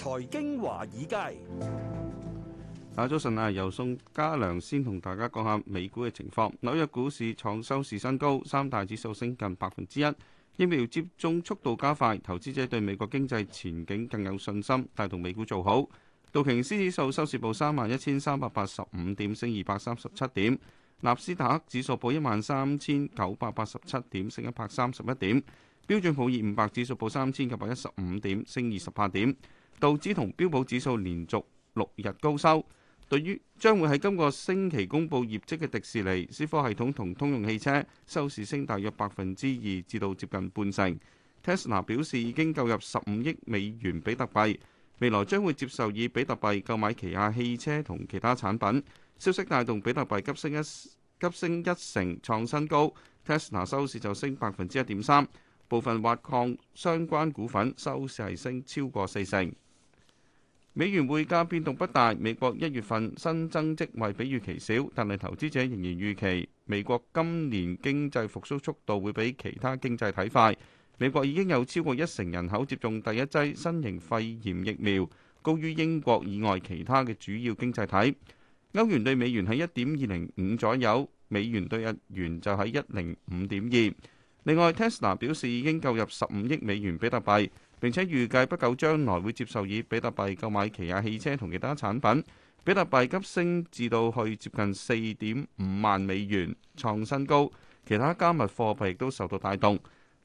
財經華爾街，大家早晨啊！由宋家良先同大家講下美股嘅情況。紐約股市創收市新高，三大指數升近百分之一，疫苗接種速度加快，投資者對美國經濟前景更有信心，帶動美股做好。道瓊斯指數收市報三萬一千三百八十五點，升二百三十七點；納斯達克指數報一萬三千九百八十七點，升一百三十一點；標準普爾五百指數報三千九百一十五點，升二十八點。道指同標普指數連續六日高收。對於將會喺今個星期公佈業績嘅迪士尼、思科系統同通用汽車，收市升大約百分之二至到接近半成。Tesla 表示已經購入十五億美元比特幣，未來將會接受以比特幣購買旗下汽車同其他產品。消息帶動比特幣急升一急升一成創新高，Tesla 收市就升百分之一點三。部分挖礦相關股份收市係升超過四成。美元匯價變動不大，美國一月份新增職位比預期少，但係投資者仍然預期美國今年經濟復甦速度會比其他經濟體快。美國已經有超過一成人口接種第一劑新型肺炎疫苗，高於英國以外其他嘅主要經濟體。歐元對美元喺一點二零五左右，美元對日元就喺一零五點二。另外，Tesla 表示已經購入十五億美元比特幣。並且預計不久將來會接受以比特幣購買旗下汽車同其他產品。比特幣急升至到去接近四點五萬美元創新高，其他加密貨幣亦都受到帶動。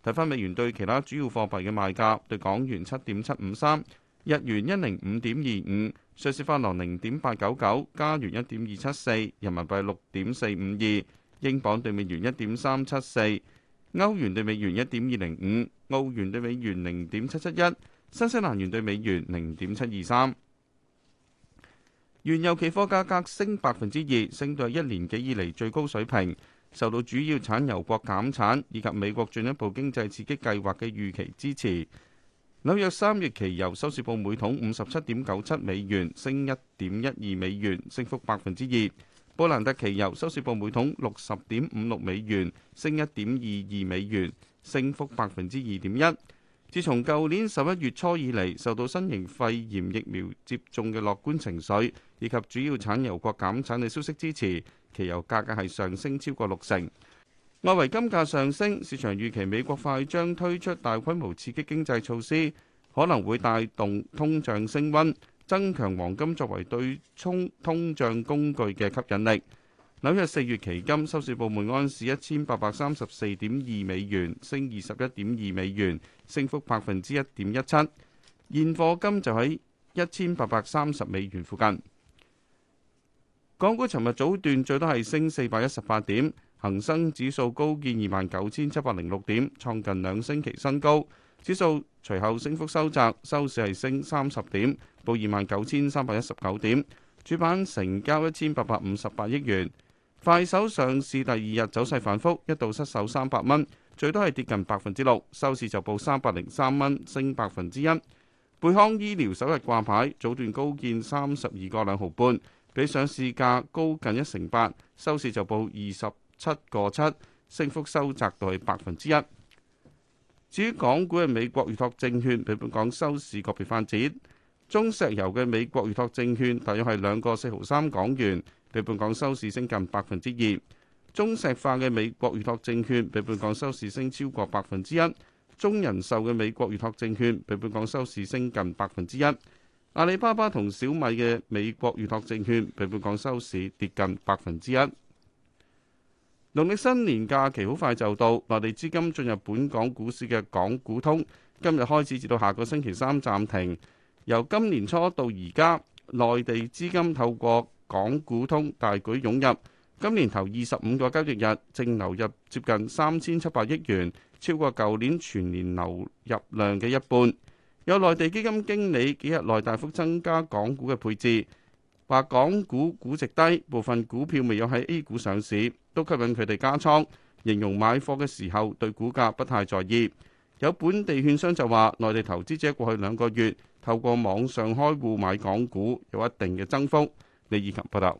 睇返美元對其他主要貨幣嘅賣價，對港元七點七五三，日元一零五點二五，瑞士法郎零點八九九，加元一點二七四，人民幣六點四五二，英鎊對美元一點三七四。歐元兌美元一點二零五，澳元兌美元零點七七一，新西蘭元兌美元零點七二三。原油期貨價格升百分之二，升到一年幾以嚟最高水平，受到主要產油國減產以及美國進一步經濟刺激計劃嘅預期支持。紐約三月期油收市報每桶五十七點九七美元，升一點一二美元，升幅百分之二。布蘭特期油收市報每桶六十點五六美元，升一點二二美元，升幅百分之二點一。自從舊年十一月初以嚟，受到新型肺炎疫苗接種嘅樂觀情緒，以及主要產油國減產嘅消息支持，期油價格係上升超過六成。外圍金價上升，市場預期美國快將推出大規模刺激經濟措施，可能會帶動通脹升溫。增強黃金作為對沖通脹工具嘅吸引力。紐約四月期金收市報每安士一千八百三十四點二美元，升二十一點二美元，升幅百分之一點一七。現貨金就喺一千八百三十美元附近。港股尋日早段最多係升四百一十八點，恒生指數高見二萬九千七百零六點，創近兩星期新高。指數隨後升幅收窄，收市係升三十點，報二萬九千三百一十九點。主板成交一千八百五十八億元。快手上市第二日走勢反覆，一度失守三百蚊，最多係跌近百分之六，收市就報三百零三蚊，升百分之一。貝康醫療首日掛牌，早段高見三十二個兩毫半，比上市價高近一成八，收市就報二十七個七，升幅收窄到百分之一。至於港股嘅美國預託證券，比本港收市個別發展；中石油嘅美國預託證券，大約係兩個四毫三港元，比本港收市升近百分之二。中石化嘅美國預託證券，比本港收市升超過百分之一。中人壽嘅美國預託證券，比本港收市升近百分之一。阿里巴巴同小米嘅美國預託證券，比本港收市跌近百分之一。農曆新年假期好快就到，內地資金進入本港股市嘅港股通今日開始至到下個星期三暫停。由今年初到而家，內地資金透過港股通大舉湧入，今年頭二十五個交易日淨流入接近三千七百億元，超過舊年全年流入量嘅一半。有內地基金經理幾日內大幅增加港股嘅配置，話港股估值低，部分股票未有喺 A 股上市。都吸引佢哋加倉，形容買貨嘅時候對股價不太在意。有本地券商就話，內地投資者過去兩個月，透過網上開戶買港股，有一定嘅增幅。李以琴報道。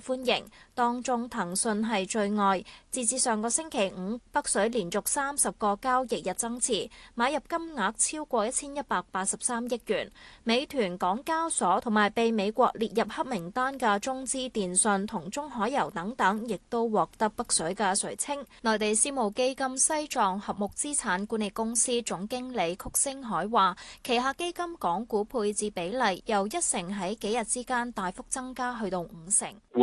歡迎，當中騰訊係最愛。截至上個星期五，北水連續三十個交易日增持，買入金額超過一千一百八十三億元。美團、港交所同埋被美國列入黑名單嘅中資電信同中海油等等，亦都獲得北水嘅垂青。內地私募基金西藏合木資產管理公司總經理曲星海話：旗下基金港股配置比例由一成喺幾日之間大幅增加去到五成。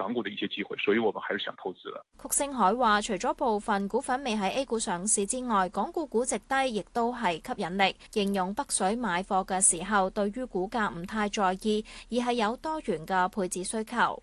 港股的一些機會，所以我們還是想投資的。曲勝海話，除咗部分股份未喺 A 股上市之外，港股估值低亦都係吸引力。形容北水買貨嘅時候，對於股價唔太在意，而係有多元嘅配置需求。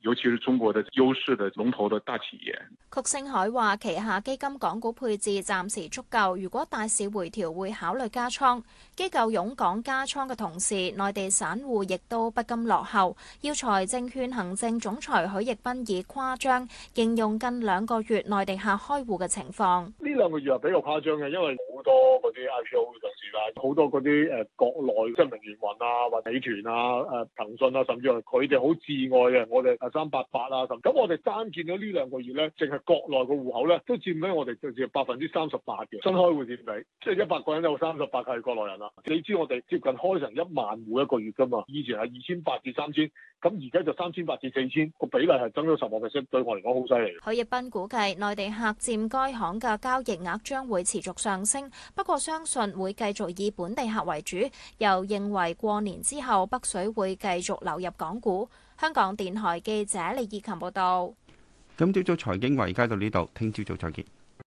尤其是中國的優勢的龍頭的大企業曲勝海話：旗下基金港股配置暫時足夠，如果大市回調會考慮加倉。機構湧港加倉嘅同時，內地散戶亦都不甘落後。耀才證券行政總裁許奕斌以誇張形容近兩個月內地客開戶嘅情況。呢兩個月係比較誇張嘅，因為好多嗰啲 IPO 就。好多嗰啲誒國內即係明源雲啊、或美團啊、誒騰訊啊，甚至係佢哋好至愛嘅，我哋誒三八八啊，咁我哋啱見到呢兩個月咧，淨係國內嘅戶口咧，都佔緊我哋接近百分之三十八嘅新開戶占比，即係一百個人有三十八係國內人啦。你知我哋接近開成一萬戶一個月㗎嘛？以前係二千八至三千，咁而家就三千八至四千，4, 000, 個比例係增咗十個 percent，對我嚟講好犀利。許業斌估計，內地客佔該行嘅交易額將會持續上升，不過相信會繼續。就以本地客為主，又認為過年之後北水會繼續流入港股。香港電台記者李義琴報道。今朝早財經華爾街到呢度，聽朝早再見。